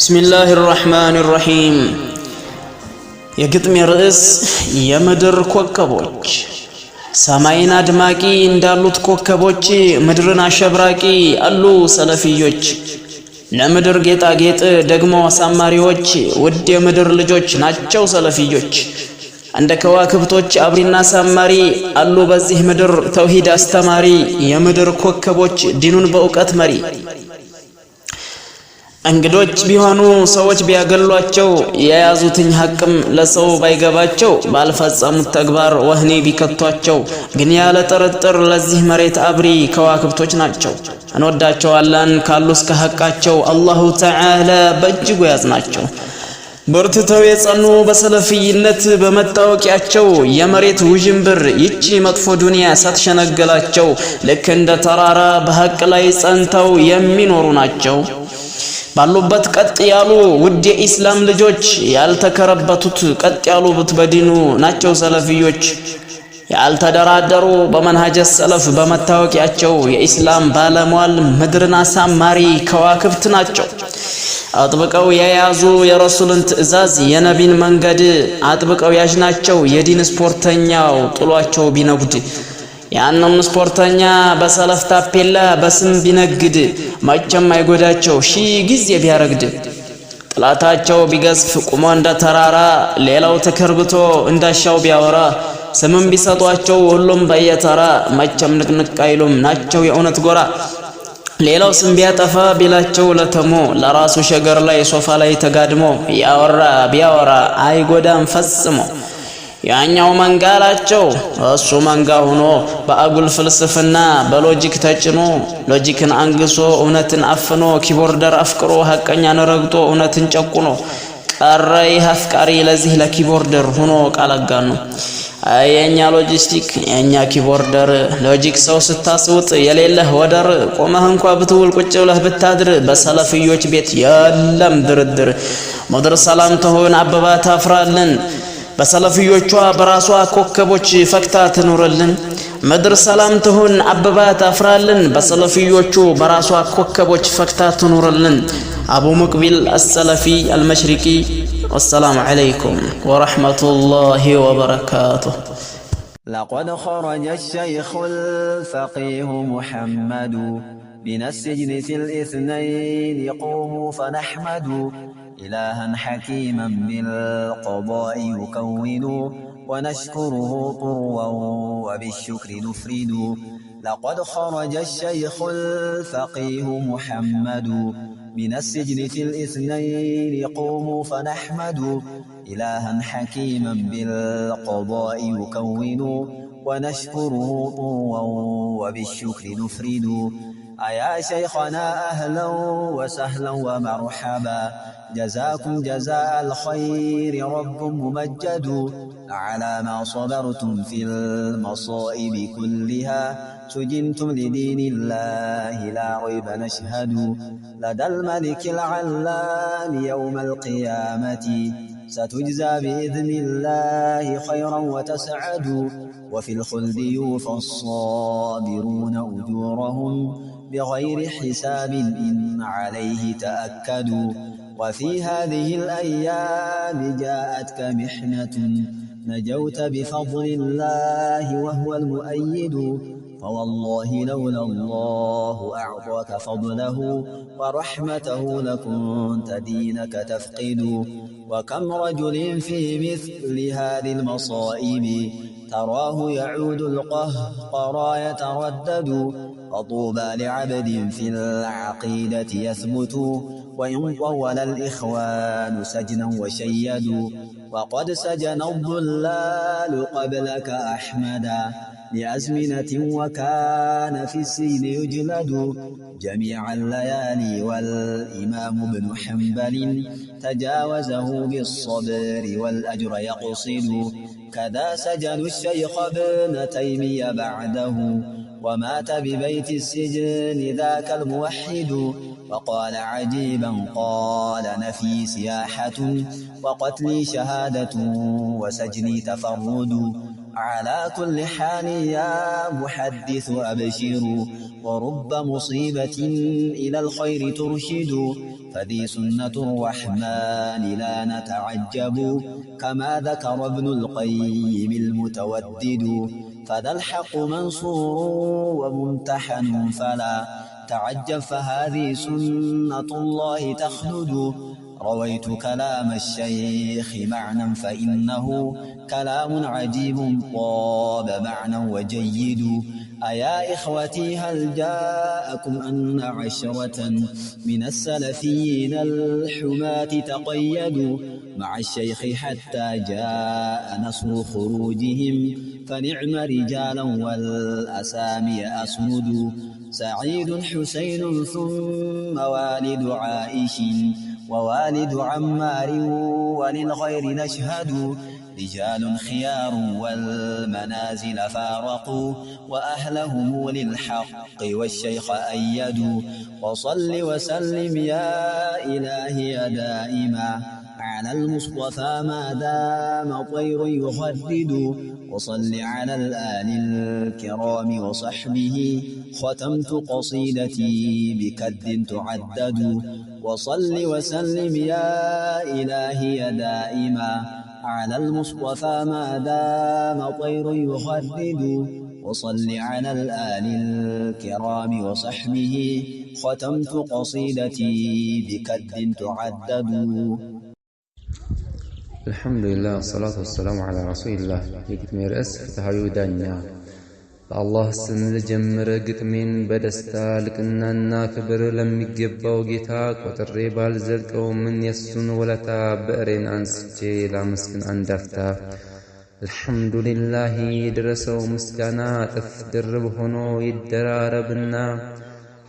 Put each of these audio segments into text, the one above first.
ቢስሚላህ ራሕማን ራሒም የግጥሜ ርዕስ የምድር ኮከቦች። ሰማይን አድማቂ እንዳሉት ኮከቦች ምድርን አሸብራቂ አሉ ሰለፊዮች። ለምድር ጌጣጌጥ ደግሞ አሳማሪዎች ውድ የምድር ልጆች ናቸው ሰለፊዮች። እንደ ከዋክብቶች አብሪና ሳማሪ አሉ በዚህ ምድር ተውሂድ አስተማሪ የምድር ኮከቦች ዲኑን በእውቀት መሪ እንግዶች ቢሆኑ ሰዎች ቢያገሏቸው የያዙትኝ ሐቅም ለሰው ባይገባቸው ባልፈጸሙት ተግባር ወህኒ ቢከቷቸው ግን ያለ ጥርጥር ለዚህ መሬት አብሪ ከዋክብቶች ናቸው። እንወዳቸዋለን ካሉ እስከ ሀቃቸው አላሁ ተዓላ በእጅጉ ያዝናቸው። በርትተው የጸኑ በሰለፊነት በመታወቂያቸው የመሬት ውዥንብር ይቺ መጥፎ ዱንያ ሳትሸነገላቸው ልክ እንደ ተራራ በሐቅ ላይ ጸንተው የሚኖሩ ናቸው። ባሉበት ቀጥ ያሉ ውድ የኢስላም ልጆች ያልተከረበቱት ቀጥ ያሉት በዲኑ ናቸው ሰለፊዮች። ያልተደራደሩ በመንሃጀ ሰለፍ በመታወቂያቸው የኢስላም ባለሟል ምድርን አሳማሪ ከዋክብት ናቸው። አጥብቀው የያዙ የረሱልን ትዕዛዝ የነቢን መንገድ አጥብቀው ያዥናቸው የዲን ስፖርተኛው ጥሏቸው ቢነጉድ ያንም ስፖርተኛ በሰለፍ ታፔላ በስም ቢነግድ መቼም አይጎዳቸው ሺህ ጊዜ ቢያረግድ ጥላታቸው ቢገዝፍ ቁሞ እንደ ተራራ ሌላው ተከርብቶ እንዳሻው ቢያወራ ስምም ቢሰጧቸው ሁሉም በየተራ መቼም ንቅንቅ አይሉም ናቸው የእውነት ጎራ። ሌላው ስም ቢያጠፋ ቢላቸው ለተሞ ለራሱ ሸገር ላይ ሶፋ ላይ ተጋድሞ ያወራ ቢያወራ አይጎዳም ፈጽሞ። ያኛው መንጋ አላቸው። እሱ መንጋ ሆኖ በአጉል ፍልስፍና በሎጂክ ተጭኖ ሎጂክን አንግሶ እውነትን አፍኖ ኪቦርደር አፍቅሮ ሀቀኛን ረግጦ እውነትን ጨቁኖ ቀረ። ይህ አፍቃሪ ለዚህ ለኪቦርደር ሆኖ ቃለጋ ነው። የእኛ ሎጂስቲክ የእኛ ኪቦርደር ሎጂክ ሰው ስታስውጥ የሌለህ ወደር ቆመህ እንኳ ብትውል ቁጭ ብለህ ብታድር በሰለፍዮች ቤት የለም ድርድር። ምድር ሰላም ትሆን አበባ ታፍራለን بسلفي يوچوا براسوا كوكبوچ فكتا تنورلن مدر سلام تهون عببات افرالن بسلفي يوچوا براسوا كوكبوچ فكتا تنورلن ابو مقبل السلفي المشركي والسلام عليكم ورحمة الله وبركاته لقد خرج الشيخ الفقيه محمد من السجن في الاثنين قوموا فنحمد إلها حكيما بالقضاء يكون ونشكره طروا وبالشكر نفرد لقد خرج الشيخ الفقيه محمد من السجن في الاثنين قوموا فنحمد إلها حكيما بالقضاء يكون ونشكره طروا وبالشكر نفرد أيا شيخنا أهلا وسهلا ومرحبا جزاكم جزاء الخير رب ممجد على ما صبرتم في المصائب كلها سجنتم لدين الله لا ريب نشهد لدى الملك العلام يوم القيامة ستجزى بإذن الله خيرا وتسعد وفي الخلد يوفى الصابرون أجورهم بغير حساب إن عليه تأكدوا وفي هذه الأيام جاءتك محنة نجوت بفضل الله وهو المؤيد فوالله لولا الله أعطاك فضله ورحمته لكنت دينك تفقد وكم رجل في مثل هذه المصائب تراه يعود القهقرى يتردد فطوبى لعبد في العقيدة يثبت وإن طول الإخوان سجنا وشيدوا وقد سجن الضلال قبلك أحمدا لأزمنة وكان في السجن يجلد جميع الليالي والإمام ابن حنبل تجاوزه بالصبر والأجر يقصد كذا سجن الشيخ ابن تيمية بعده ومات ببيت السجن ذاك الموحد وقال عجيبا قال نفي سياحة وقتلي شهادة وسجني تفرد على كل حال يا محدث أبشر ورب مصيبة إلى الخير ترشد فذي سنة الرحمن لا نتعجب كما ذكر ابن القيم المتودد فذا الحق منصور وممتحن فلا تعجب فهذه سنة الله تخلد رويت كلام الشيخ معنى فإنه كلام عجيب طاب معنى وجيد أيا إخوتي هل جاءكم أن عشرة من السلفيين الحماة تقيدوا مع الشيخ حتى جاء نصر خروجهم فنعم رجالا والأسامي أسود سعيد حسين ثم والد عائش ووالد عمار وللغير نشهد رجال خيار والمنازل فارقوا وأهلهم للحق والشيخ أيدوا وصل وسلم يا إلهي دائما على المصطفى ما دام طير يخدد وصل على الآل الكرام وصحبه ختمت قصيدتي بكد تعدد وصل وسلم يا إلهي دائما على المصطفى ما دام طير يخدد وصل على الآل الكرام وصحبه ختمت قصيدتي بكد تعدد الحمد لله والصلاة والسلام على رسول الله يكتمير أسف تهيو دانيا الله سن لجمر قتمين بدستا لكنا كبر لم يجب وقتاك وتريبا لزلك ومن يسن ولا تابرين عن ستي لا مسكن عن دفتا الحمد لله يدرس ومسكنا تفدر بهنو يدرار بنا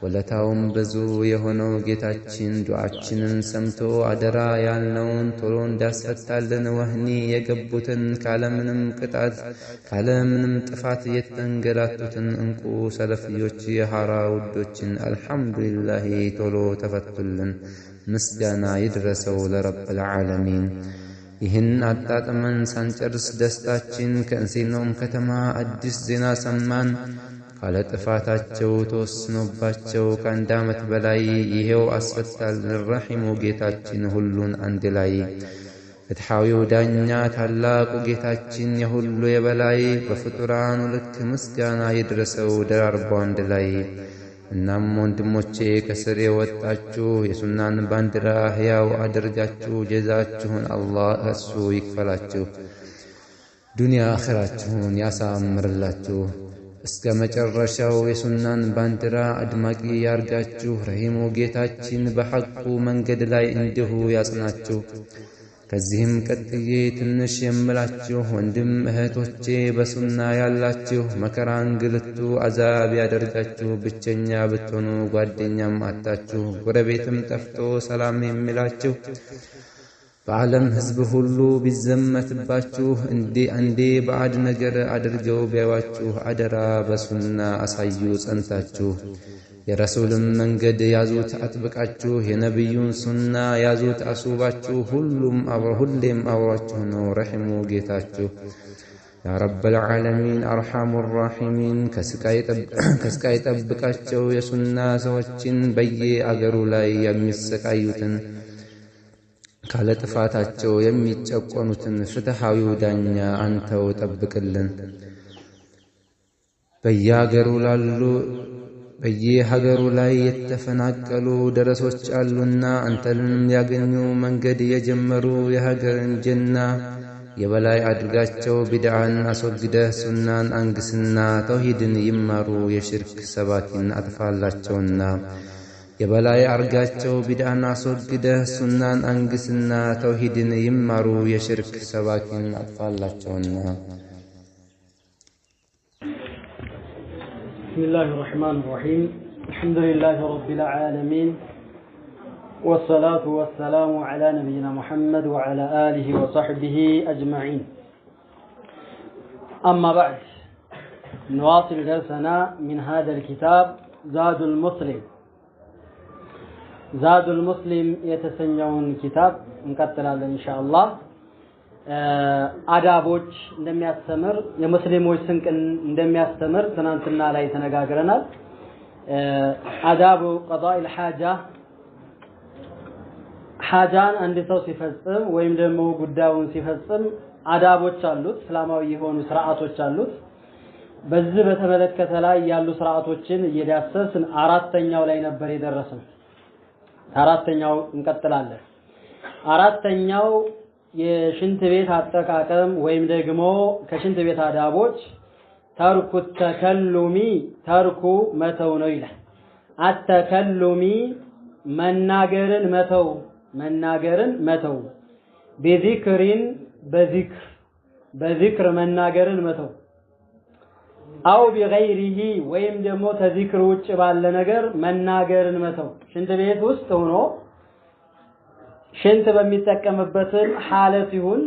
ወለታውም ብዙ የሆነው ጌታችን ዱዓችንን ሰምቶ አደራ ያልነውን ቶሎ እንዳስፈታልን ወህኒ የገቡትን ካለምንም ቅጣት ካለምንም ጥፋት የተንገላቱትን እንቁ ሰለፍዮች የሐራ ውዶችን አልሐምዱሊላሂ ቶሎ ተፈቱልን። ምስጋና ይድረሰው ለረብል ልዓለሚን። ይህን አጣጥመን ሳንጨርስ ደስታችን ከእንሴኖም ከተማ አዲስ ዜና ሰማን። አለጥፋታቸው ተወስኖባቸው ከአንድ ዓመት በላይ ይሄው አስፈታል ረሒሙ ጌታችን ሁሉን አንድ ላይ ፍትሓዊው ዳኛ ታላቁ ጌታችን የሁሉ የበላይ በፍጡራኑ ልክ ምስጋና ይድረሰው ደራርቦ አንድ ላይ። እናም ወንድሞቼ ከስር የወጣችሁ የሱናን ባንዲራ ሕያው አድርጋችሁ ጀዛችሁን አላህ እሱ ይክፈላችሁ፣ ዱንያ አኽራችሁን ያሳምርላችሁ። እስከ መጨረሻው የሱናን ባንዲራ አድማቂ ያርጋችሁ። ረሂሙ ጌታችን በሐቁ መንገድ ላይ እንዲሁ ያጽናችሁ። ከዚህም ቀጥዬ ትንሽ የምላችሁ ወንድም እህቶቼ በሱና ያላችሁ መከራ፣ እንግልቱ አዛብ ያደርጋችሁ። ብቸኛ ብትሆኑ ጓደኛም አታችሁ፣ ጎረቤትም ጠፍቶ ሰላም የሚላችሁ በዓለም ሕዝብ ሁሉ ቢዘመትባችሁ እንዴ ባዕድ ነገር አድርገው ቢያዋችሁ አደራ በሱና አሳዩ ጸንታችሁ። የረሱልም መንገድ ያዙት አጥብቃችሁ፣ የነቢዩን ሱና ያዙት አሱባችሁ። ሁሉም ሁሌም አብሯችሁ ነው ረሒሙ ጌታችሁ። ያ ረብ ዓለሚን አርሓሙ ራሒሚን ከስቃይ ጠብቃቸው የሱና ሰዎችን በየ አገሩ ላይ የሚሰቃዩትን ካለ ጥፋታቸው የሚጨቆኑትን ፍትሐዊው ዳኛ አንተው ጠብቅልን። በየሀገሩ ላሉ በየሀገሩ ላይ የተፈናቀሉ ደረሶች አሉና አንተንም ያገኙ መንገድ የጀመሩ የሀገርን ጀና የበላይ አድርጋቸው ቢድዓን አስወግደህ ሱናን አንግስና ተውሂድን ይማሩ የሽርክ ሰባኪን አጥፋላቸውና የበላይ አርጋቸው ቢድአን አስወግደህ ሱናን አንግስና ተውሂድን ይማሩ የሽርክ ሰባኪን አጥፋላቸውና። بسم الله الرحمن الرحيم الحمد لله رب العالمين والصلاة والسلام على نبينا محمد وعلى آله وصحبه أجمعين أما بعد نواصل درسنا من هذا الكتاب زاد المسلم ዛዱል ሙስሊም የተሰኘውን ኪታብ እንቀጥላለን ኢንሻአላህ። አዳቦች እንደሚያስተምር የሙስሊሞች ስንቅ እንደሚያስተምር ትናንትና ላይ ተነጋግረናል። አዳቡ ቀዳኢል ሐጃ ሐጃን አንድ ሰው ሲፈጽም ወይም ደግሞ ጉዳዩን ሲፈጽም አዳቦች አሉት፣ እስላማዊ የሆኑ ስርዓቶች አሉት። በዚህ በተመለከተ ላይ ያሉ ስርዓቶችን እየዳሰስን አራተኛው ላይ ነበር የደረስነው። አራተኛው እንቀጥላለን። አራተኛው የሽንት ቤት አጠቃቀም ወይም ደግሞ ከሽንት ቤት አዳቦች ተርኩ ተከሉሚ ተርኩ መተው ነው ይላል። አተከሉሚ መናገርን መተው መናገርን መተው ቢዚክሪን በዚክር በዚክር መናገርን መተው አው ቢገይሪሂ ወይም ደግሞ ከዚክር ውጭ ባለ ነገር መናገርን መተው። ሽንት ቤት ውስጥ ሆኖ ሽንት በሚጠቀምበት ሐለት ይሁን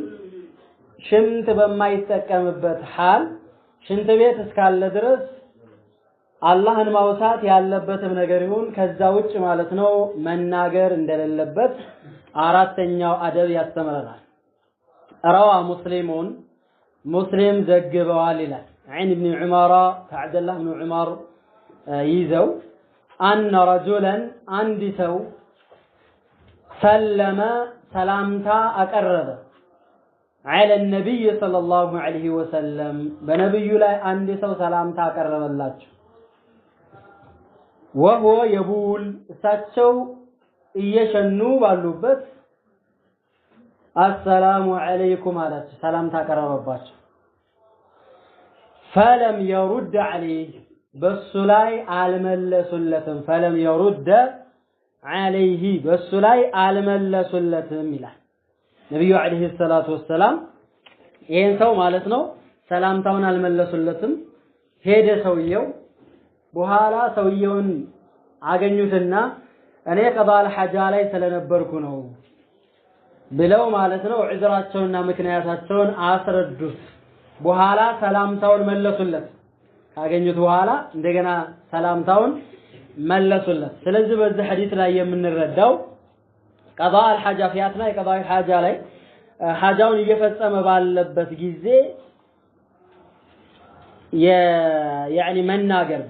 ሽንት በማይጠቀምበት ሀል ሽንት ቤት እስካለ ድረስ አላህን ማውሳት ያለበትም ነገር ይሁን ከዛ ውጭ ማለት ነው መናገር እንደሌለበት አራተኛው አደብ ያስተምረናል። ረዋ ሙስሊሙን ሙስሊም ዘግበዋል ይላል። ዐን ብኒ ዑመራ ከዓብደላህ ብኒ ዑመር ይዘው አነ ረጁለን አንድ ሰው ሰለመ ሰላምታ አቀረበ ዐለ ነቢይ ሰለላሁ ዐለይሂ ወሰለም በነብዩ ላይ አንድ ሰው ሰላምታ አቀረበላቸው። ወሆ የቡል እሳቸው እየሸኑ ባሉበት አሰላሙ ዐለይኩም አላቸው፣ ሰላምታ አቀረበባቸው። ፈለም የሩድ ዐለይህ በሱ ላይ አልመለሱለትም። ፈለም የሩደ ዐለይህ በሱ ላይ አልመለሱለትም ይላል ነቢዩ ዐለይሂ ሰላቱ ወሰላም። ይሄን ሰው ማለት ነው ሰላምታውን አልመለሱለትም። ሄደ ሰውየው። በኋላ ሰውየውን አገኙትና እኔ ቀባል ሐጃ ላይ ስለነበርኩ ነው ብለው ማለት ነው ዑዝራቸውንና ምክንያታቸውን አስረዱት። በኋላ ሰላምታውን መለሱለት። ካገኙት በኋላ እንደገና ሰላምታውን መለሱለት። ስለዚህ በዚህ ሐዲስ ላይ የምንረዳው ቀዳ አልሐጃ ፊያትና የቀዳ ሐጃ ላይ ሐጃውን እየፈጸመ ባለበት ጊዜ ያኒ መናገር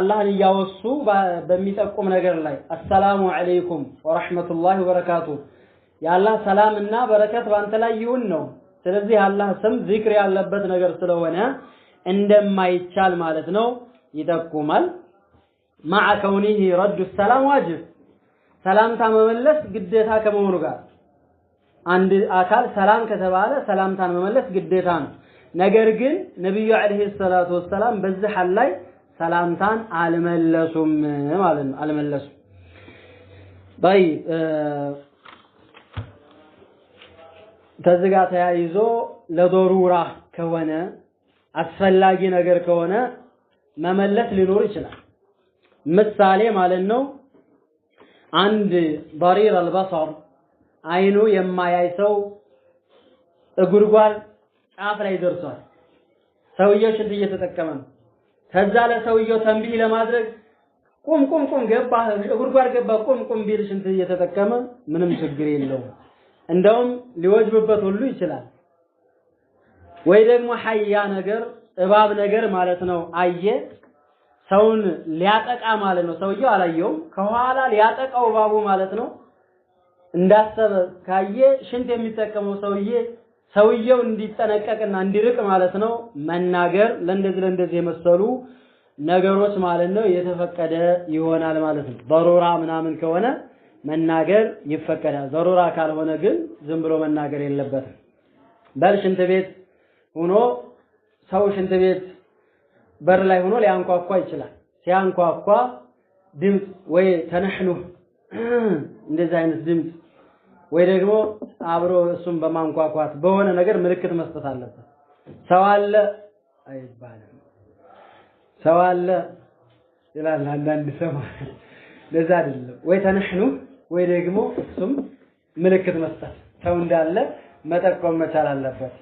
አላህን እያወሱ በሚጠቁም ነገር ላይ አሰላሙ አለይኩም ወረሕመቱላሂ ወበረካቱ የአላህ ሰላምና በረከት በአንተ ላይ ይሁን ነው ስለዚህ አላህ ስም ዚክር ያለበት ነገር ስለሆነ እንደማይቻል ማለት ነው ይጠቁማል። ማዓ ከውኒህ ረዱ ሰላም ዋጅብ፣ ሰላምታ መመለስ ግዴታ ከመሆኑ ጋር አንድ አካል ሰላም ከተባለ ሰላምታን መመለስ ግዴታ ነው። ነገር ግን ነቢዩ ዓለይሂ ሰላቱ ወሰላም በዚህ ሐል ላይ ሰላምታን አልመለሱም ማለት ነው። አልመለሱም። ተዝጋ ተያይዞ ለዶሩራ ከሆነ አስፈላጊ ነገር ከሆነ መመለስ ሊኖር ይችላል። ምሳሌ ማለት ነው። አንድ ባሪር አልበሰር አይኑ የማያይ ሰው እጉድጓድ ጫፍ ላይ ደርሷል። ሰውየው ሽንት እየተጠቀመ ነው። ከዛ ለሰውየው ተንቢህ ለማድረግ ቁም ቁም ቁም ገባ፣ እጉድጓድ ገባ፣ ቁም ቁም ቢል ሽንት እየተጠቀመ ምንም ችግር የለውም። እንደውም ሊወጅብበት ሁሉ ይችላል። ወይ ደግሞ ሀያ ነገር እባብ ነገር ማለት ነው። አየ ሰውን ሊያጠቃ ማለት ነው። ሰውየው አላየውም፣ ከኋላ ሊያጠቃው እባቡ ማለት ነው። እንዳሰበ ካየ ሽንት የሚጠቀመው ሰውዬ ሰውየው እንዲጠነቀቅና እንዲርቅ ማለት ነው። መናገር ለእንደዚህ ለእንደዚህ የመሰሉ ነገሮች ማለት ነው የተፈቀደ ይሆናል ማለት ነው። በሮራ ምናምን ከሆነ መናገር ይፈቀዳል። ዘሩራ ካልሆነ ግን ዝም ብሎ መናገር የለበትም። በል ሽንት ቤት ሆኖ ሰው ሽንት ቤት በር ላይ ሆኖ ሊያንኳኳ ይችላል። ሲያንኳኳ ድምፅ ወይ ተነሕኑ እንደዚህ አይነት ድምፅ ወይ ደግሞ አብሮ እሱም በማንኳኳት በሆነ ነገር ምልክት መስጠት አለበት። ሰው አለ አይባልም። ሰው አለ ይላል አንዳንድ ሰው። ለዛ አይደለም ወይ ተነሕኑ ወይ ደግሞ እሱም ምልክት መስጠት ሰው እንዳለ መጠቆም መቻል አለበት።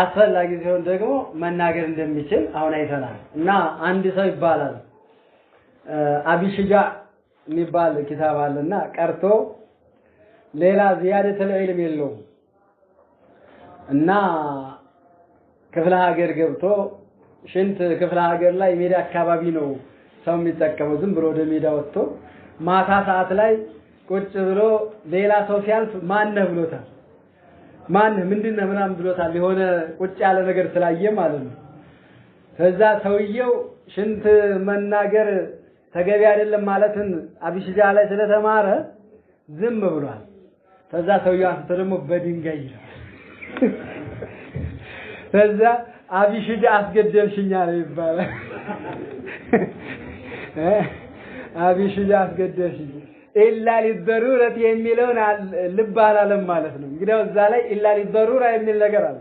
አስፈላጊ ሲሆን ደግሞ መናገር እንደሚችል አሁን አይተናል። እና አንድ ሰው ይባላል አቢሽጃ የሚባል ኪታብ አለና ቀርቶ ሌላ ዚያደተል ዒልም የለውም እና ክፍለ ሀገር ገብቶ ሽንት ክፍለ ሀገር ላይ ሜዳ አካባቢ ነው ሰው የሚጠቀመው። ዝም ብሎ ወደ ሜዳ ወጥቶ ማታ ሰዓት ላይ ቁጭ ብሎ ሌላ ሰው ሲያልፍ ማነህ ብሎታል። ማነህ ምንድነህ ምናምን ብሎታል። የሆነ ቁጭ ያለ ነገር ስላየ ማለት ነው። ከዛ ሰውየው ሽንት መናገር ተገቢ አይደለም ማለትን አቢሽጃ ላይ ስለተማረ ዝም ብሏል። ከዛ ሰውየው አንተ ደግሞ በድንጋይ ይላል። ከዛ አቢሽጃ አስገደልሽኛል ይባላል። አቢሽ አስገደሽ ኢላ ሊዘሩረት የሚለውን ልብ አላለም ማለት ነው። እንግዲያው እዛ ላይ ኢላ ሊዘሩራ የሚል ነገር አለ።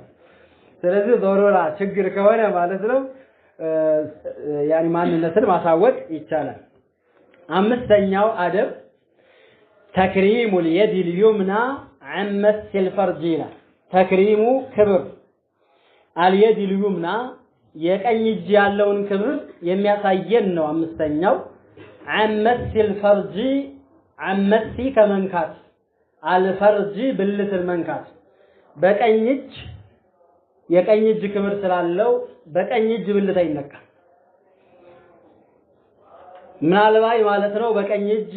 ስለዚህ ዞሮራ ችግር ከሆነ ማለት ነው ያኒ ማንነትን ማሳወቅ ይቻላል። አምስተኛው አደብ ተክሪሙ ልየድ ልዩምና ዐመስ ሲልፈርጅ ይላል። ተክሪሙ ክብር አልየድ ልዩምና የቀኝ እጅ ያለውን ክብር የሚያሳየን ነው። አምስተኛው ዓመሲል ፈርጂ ዓመሲ ከመንካት አልፈርጂ ብልትን መንካት በቀኝ እጅ የቀኝ እጅ ክብር ስላለው በቀኝ እጅ ብልት አይነካም። ምናልባት ማለት ነው በቀኝ እጅ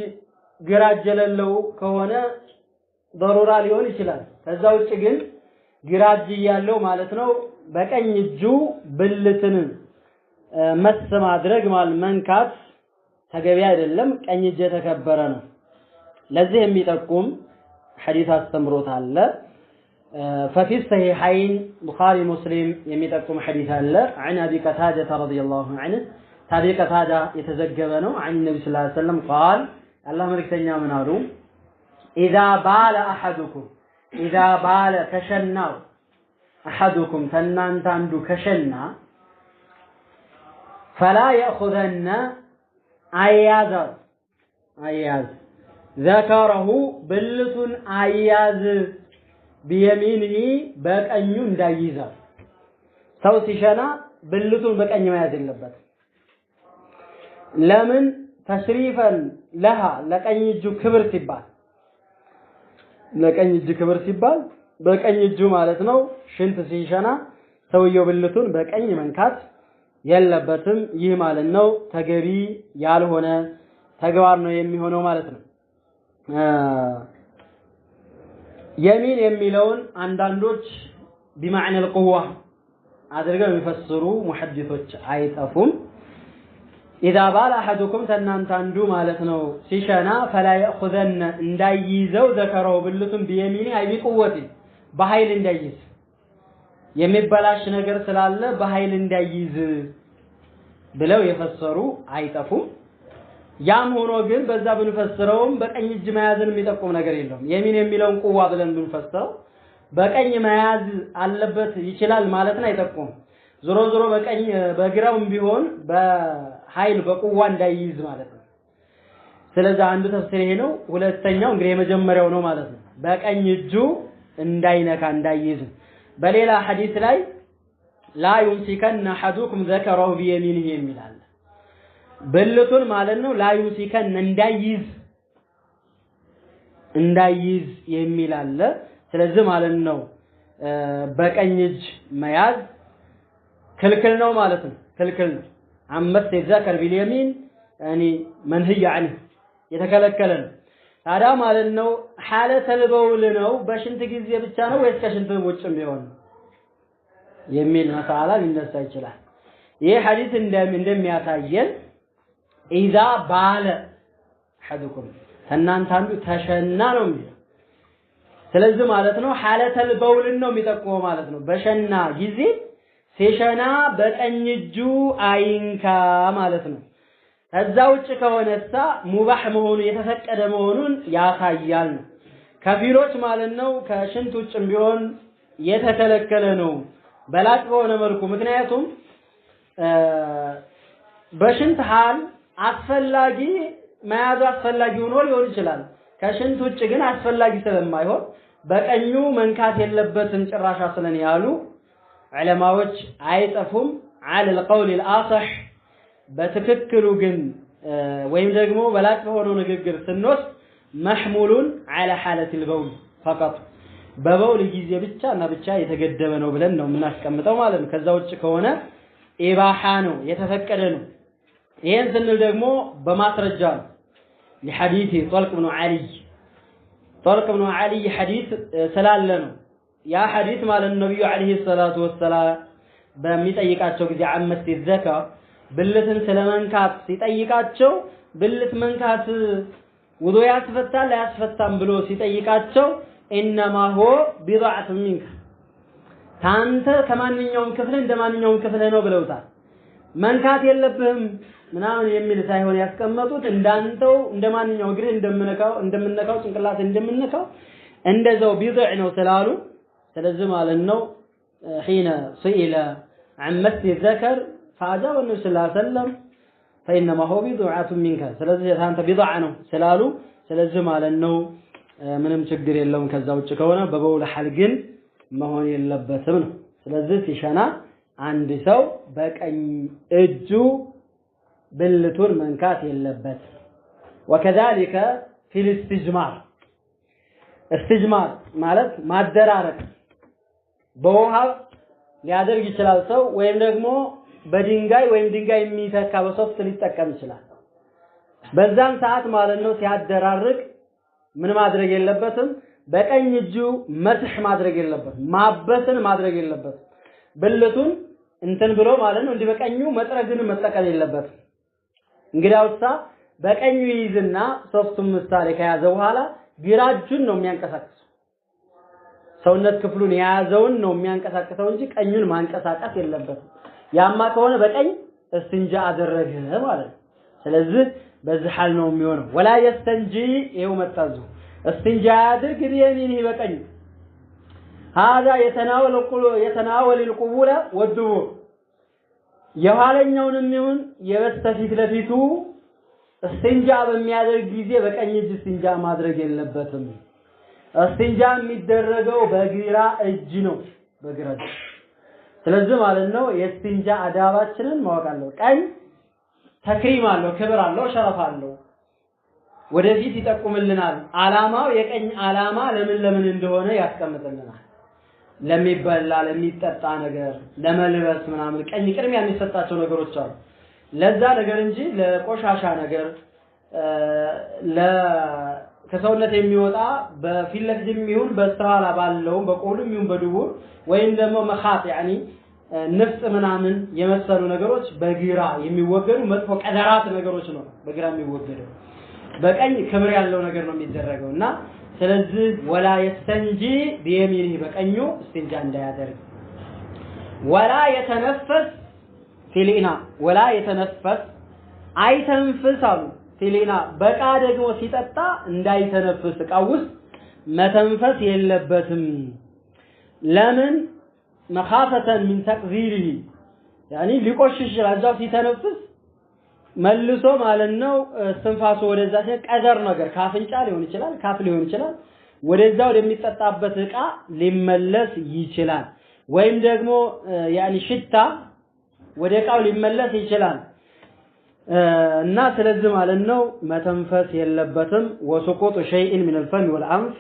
ግራ እጅ የሌለው ከሆነ በሩራ ሊሆን ይችላል። ከዛ ውጭ ግን ግራ እጅ እያለው ማለት ነው በቀኝ እጁ ብልትን መስ ማድረግ ማለት መንካት ተገቢ አይደለም። ቀኝ እጅ የተከበረ ነው። ለዚህ የሚጠቁም ሐዲስ አስተምሮት አለ። ففي الصحيحين ቡኻሪ ሙስሊም የሚጠቁም ሐዲስ አለ። عن አቢ ቀታዳ رضي الله عنه ታቢ ቀታዳ የተዘገበ ነው። عن النبي صلى الله عليه وسلم قال አላህ መልእክተኛ ምን አሉ? ኢዛ ባለ አሐዱኩም ኢዛ ባለ ከሸናው አሐዱኩም ከእናንተ አንዱ ከሸና ፈላ የእኹዘነ አያዛዝ አያዝ ዘከረሁ ብልቱን አያዝ ቢየሚንሂ በቀኙ እንዳይይዛል። ሰው ሲሸና ብልቱን በቀኝ መያዝ የለበት። ለምን? ተሽሪፈን ለሃ ለቀኝ እጁ ክብር ሲባል ለቀኝ እጁ ክብር ሲባል በቀኝ እጁ ማለት ነው። ሽንት ሲሸና ሰውየው ብልቱን በቀኝ መንካት የለበትም። ይህ ማለት ነው ተገቢ ያልሆነ ተግባር ነው የሚሆነው ማለት ነው። የሚን የሚለውን አንዳንዶች ቢማዕነል ቁዋ አድርገው የሚፈስሩ ሙሐዲሶች አይጠፉም። ኢዛ ባል አሐዱኩም ተናንተ አንዱ ማለት ነው ሲሸና ፈላ የእኹዘነ እንዳይይዘው ዘከረው ብልቱን ቢየሚኒ አይ ቢቁወቲ በኃይል እንዳይይዝ የሚበላሽ ነገር ስላለ በኃይል እንዳይይዝ ብለው የፈሰሩ አይጠፉም። ያም ሆኖ ግን በዛ ብንፈስረውም በቀኝ እጅ መያዝን የሚጠቁም ነገር የለውም። የሚን የሚለውን ቁዋ ብለን ብንፈስረው በቀኝ መያዝ አለበት ይችላል ማለትን አይጠቁም። ዞሮ ዞሮ በቀኝ በግራውም ቢሆን በኃይል በቁዋ እንዳይይዝ ማለት ነው። ስለዚህ አንዱ ተፍሲር ይሄ ነው። ሁለተኛው እንግዲህ የመጀመሪያው ነው ማለት ነው። በቀኝ እጁ እንዳይነካ እንዳይይዝ በሌላ ሐዲስ ላይ ላ ዩምሲከን አሐዱኩም ዘከረሁ ቢየሚኒህ የሚላል ብልቱን ማለት ነው። ላ ዩምሲከን እንዳይዝ እንዳይዝ የሚል ስለዚህ ማለት ነው በቀኝ እጅ መያዝ ክልክል ነው ማለት ነው። ክልክል ነው። አመት ዘከር ቢልየሚን ያኒ መንህያ ዐንህ የተከለከለ ነው። ታዲያ ማለት ነው ሐለ ተልበውል ነው በሽንት ጊዜ ብቻ ነው ወይስ ከሽንት ውጭም ቢሆን የሚል መሳላ ሊነሳ ይችላል። ይህ ሐዲስ እንደሚያሳየን ኢዛ ባለ ሐዱኩም ከእናንተ አንዱ ተሸና ነው የሚለው። ስለዚህ ማለት ነው ሐለ በውልን ነው የሚጠቁመው ማለት ነው። በሸና ጊዜ ሲሸና በቀኝ እጁ አይንካ ማለት ነው። ከዛ ውጭ ከሆነሳ ሙባህ መሆኑ የተፈቀደ መሆኑን ያሳያል ከፊሎች ማለት ነው ከሽንት ውጭም ቢሆን የተከለከለ ነው በላጭ በሆነ መልኩ። ምክንያቱም በሽንት ሀል አስፈላጊ መያዙ አስፈላጊ ሆኖ ሊሆን ይችላል። ከሽንት ውጭ ግን አስፈላጊ ስለማይሆን በቀኙ መንካት የለበትም ጭራሽ አስለን ያሉ ዑለማዎች አይጠፉም አለል ቀውል አልአሰህ በትክክሉ ግን ወይም ደግሞ በላቅ በሆነው ንግግር ስንወስድ መሕሙሉን አለ ሐለት ልበውል ፈቀጥ በበውል ጊዜ ብቻ እና ብቻ የተገደበ ነው ብለን ነው የምናስቀምጠው ማለት ነው። ከዛ ውጭ ከሆነ ኢባሓ ነው የተፈቀደ ነው። ይሄን ስንል ደግሞ በማስረጃ ነው። لحديث طلق بن علي طلق بن علي حديث سلاله ነው። ያ ሐዲስ ማለት ነብዩ አለይሂ ሰላቱ ወሰላም በሚጠይቃቸው ጊዜ አመት ዘካ ብልትን ስለመንካት ሲጠይቃቸው ብልት መንካት ውዶ ያስፈታል አያስፈታም ብሎ ሲጠይቃቸው ኢነማ ሆ ቢضዓት ሚንክ ታንተ ከማንኛውም ክፍል እንደማንኛውም ክፍል ነው ብለውታል። መንካት የለብህም ምናምን የሚል ሳይሆን ያስቀመጡት እንዳንተው እንደማንኛው ማንኛው እንደምነካው እንደምነካው ጭንቅላት እንደምነካው እንደዛው ቢضዕ ነው ስላሉ ስለዚህ ማለት ነው ሒነ ስኢለ عن مس فأجاب النبي صلى الله عليه وسلم فإنما هو بضعة منك سلازي أنت بضعة ነው ስላሉ ስለዚህ ማለት ነው ምንም ችግር የለውም ከዛ ውጭ ከሆነ በበውል ሐል ግን መሆን የለበትም ነው ስለዚህ ሲሸና አንድ ሰው በቀኝ እጁ ብልቱን መንካት የለበት ወከዛሊከ ፊል እስትጅማር እስትጅማር ማለት ማደራረቅ በውሃ ሊያደርግ ይችላል ሰው ወይም ደግሞ በድንጋይ ወይም ድንጋይ የሚተካ በሶፍት ሊጠቀም ይችላል። በዛን ሰዓት ማለት ነው ሲያደራርቅ ምን ማድረግ የለበትም? በቀኝ እጁ መስህ ማድረግ የለበትም። ማበስን ማድረግ የለበትም። ብልቱን እንትን ብሎ ማለት ነው እንዲህ በቀኙ መጥረግን መጠቀም የለበትም። እንግዲያውሳ በቀኙ ይይዝና ሶፍቱን ምሳሌ ከያዘ በኋላ ግራ እጁን ነው የሚያንቀሳቅሰው። ሰውነት ክፍሉን የያዘውን ነው የሚያንቀሳቅሰው እንጂ ቀኙን ማንቀሳቀስ የለበትም። ያማ ከሆነ በቀኝ እስትንጃ አደረገ ማለት ነው። ስለዚህ በዚህ ሐል ነው የሚሆነው። ወላ የስተንጂ ይኸው መጣዙ እስትንጃ ያድርግ ቢየሚኒህ በቀኝ ሀዛ የተናወል ልቁቡለ ወድቡር የኋለኛውንም ይሁን የበስተፊት ለፊቱ እስትንጃ በሚያደርግ ጊዜ በቀኝ እጅ እስትንጃ ማድረግ የለበትም። እስትንጃ የሚደረገው በግራ እጅ ነው። በግራ እጅ ስለዚህ ማለት ነው የስቲንጃ አዳባችንን ማወቅ አለው። ቀይ ተክሪም አለው፣ ክብር አለው፣ ሸረፍ አለው። ወደፊት ይጠቁምልናል። አላማው የቀኝ አላማ ለምን ለምን እንደሆነ ያስቀምጥልናል። ለሚበላ ለሚጠጣ ነገር፣ ለመልበስ ምናምን ቀኝ ቅድሚያ የሚሰጣቸው ነገሮች አሉ። ለዛ ነገር እንጂ ለቆሻሻ ነገር ከሰውነት የሚወጣ በፊት ለፊትም ይሁን በስተኋላ ባለውም በቆልም ይሁን በድቡር ወይም ደግሞ መኻጥ ያኒ ንፍጥ ምናምን የመሰሉ ነገሮች በግራ የሚወገዱ መጥፎ ቀደራት ነገሮች ነው በግራ የሚወገደው። በቀኝ ክብር ያለው ነገር ነው የሚደረገው እና ስለዚህ ወላ የስተንጂ ቢየሚኒህ በቀኙ እስትንጃ እንዳያደርግ ወላ የተነፈስ ፊሊና ወላ የተነፈስ አይተንፍስ አሉ ሲሊና በቃ ደግሞ ሲጠጣ እንዳይተነፍስ እቃ ውስጥ መተንፈስ የለበትም። ለምን? መኻፈተን ምን ተቅዚሪ ያኒ ሊቆሽሽ ይችላል። ሲተነፍስ መልሶ ማለት ነው እስትንፋሱ ወደዛ ሲሄድ ቀደር ነገር ካፍንጫ ሊሆን ይችላል፣ ካፍ ሊሆን ይችላል፣ ወደዛ ወደሚጠጣበት እቃ ሊመለስ ይችላል። ወይም ደግሞ ያኒ ሽታ ወደ እቃው ሊመለስ ይችላል። እና ስለዚህ ማለት ነው መተንፈስ የለበትም። ወሱቁጡ ሸይኢን ሚነል ፈም ወል አንፍ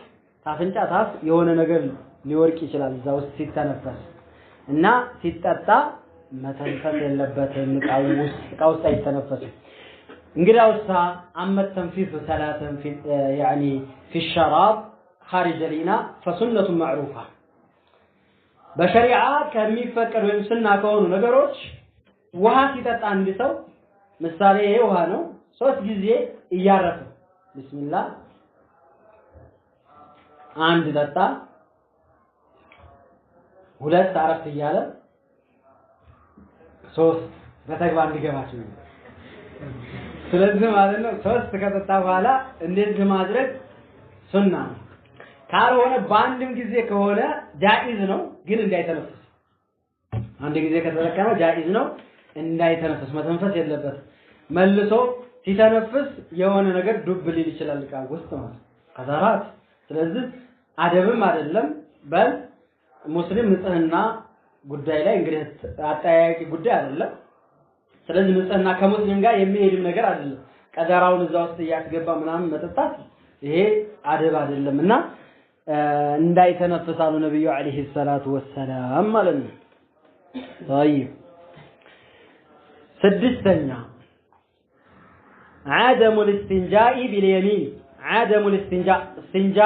ታፍንጫ ታፍ የሆነ ነገር ሊወርቅ ይችላል እዛ ውስጥ ሲተነፈስ እና ሲጠጣ መተንፈስ የለበትም። እቃው ውስጥ እቃ ውስጥ አይተነፈስም። እንግዳውሳ አመ ተንፊሱ ሰላተን ያኒ ፊ ሸራብ ኻሪጀ ሊና ፈሱነቱ ማዕሩፋ በሸሪዓ ከሚፈቀድ ወይም ስና ከሆኑ ነገሮች ውሃ ሲጠጣ እንዲሰው ምሳሌ ይሄ ውሃ ነው። ሶስት ጊዜ እያረፈ ቢስሚላ አንድ ጠጣ፣ ሁለት አረፍት እያለ ሶስት በተግባር እንዲገባች ነው። ስለዚህ ማለት ነው ሶስት ከጠጣ በኋላ እንደዚህ ማድረግ ሱና ነው። ካልሆነ በአንድም ጊዜ ከሆነ ጃኢዝ ነው፣ ግን እንዳይተነፍስ። አንድ ጊዜ ከተጠቀመ ጃኢዝ ነው፣ እንዳይተነፍስ መተንፈስ የለበትም። መልሶ ሲተነፍስ የሆነ ነገር ዱብ ሊል ይችላል እቃ ውስጥ ማለት ቀዛራት። ስለዚህ አደብም አይደለም። ሙስሊም ንጽህና ጉዳይ ላይ እንግዲህ አጠያያቂ ጉዳይ አይደለም። ስለዚህ ንጽህና ከሙስሊም ጋር የሚሄድም ነገር አይደለም። ቀዘራውን እዛ ውስጥ እያስገባ ምናምን መጠጣት ይሄ አደብ አይደለም እና እንዳይተነፍሳሉ ነብዩ አለይሂ ሰላቱ ወሰላም ማለት ነው። طيب ስድስተኛ ዓደሙል እስትንጃኢ ቢልየሚን ዓደሙል እስትንጃ እስትንጃ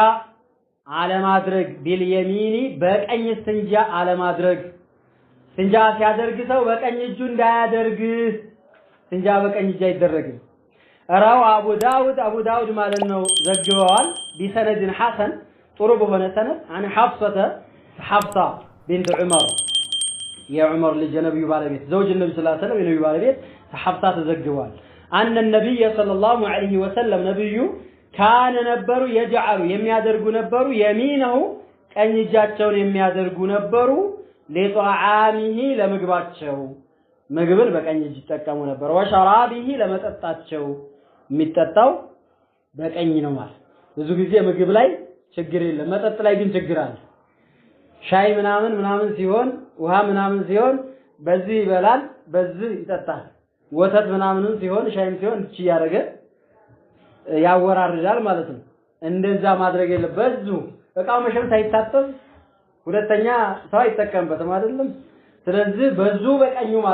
አለማድረግ ቢልየሚኒ በቀኝ እስትንጃ አለማድረግ እስትንጃ ሲያደርግ ሰው በቀኝ እጁ እንዳያደርግ እስትንጃ በቀኝ እጅ አይደረግም። ረው አቡ ዳውድ አቡ ዳውድ ማለት ነው ዘግበዋል። ቢሰነድን ሐሰን ጥሩ በሆነ ሰነድ አን ሐፍሰተ ሐፍሳ ቢንት ዑመር የዑመር ልጅ የነቢዩ ባለቤት ዘውጅ ነቢ ስላ ሰለም የነቢዩ ባለቤት ሐፍሳ ተዘግበዋል። አነ ነቢይ ሰለላሁ ዐለይሂ ወሰለም ነብዩ ካነ ነበሩ የጀዓሉ የሚያደርጉ ነበሩ የሚነሁ ቀኝ እጃቸውን የሚያደርጉ ነበሩ ሊጧዓሚሂ ለምግባቸው ምግብን በቀኝ እጅ ይጠቀሙ ነበር። ወሸራቢሂ ለመጠጣቸው የሚጠጣው በቀኝ ነው ማለት። ብዙ ጊዜ ምግብ ላይ ችግር የለም፣ መጠጥ ላይ ግን ችግር አለ። ሻይ ምናምን ምናምን ሲሆን ውሃ ምናምን ሲሆን በዚህ ይበላል፣ በዚህ ይጠጣል። ወተት ምናምንም ሲሆን ሻይም ሲሆን እቺ እያደረገ ያወራርዳል ማለት ነው። እንደዛ ማድረግ የለም። በዙ እቃው መሸም ሳይታጠብ ሁለተኛ ሰው አይጠቀምበትም አይደለም። ስለዚህ በዙ በቀኙ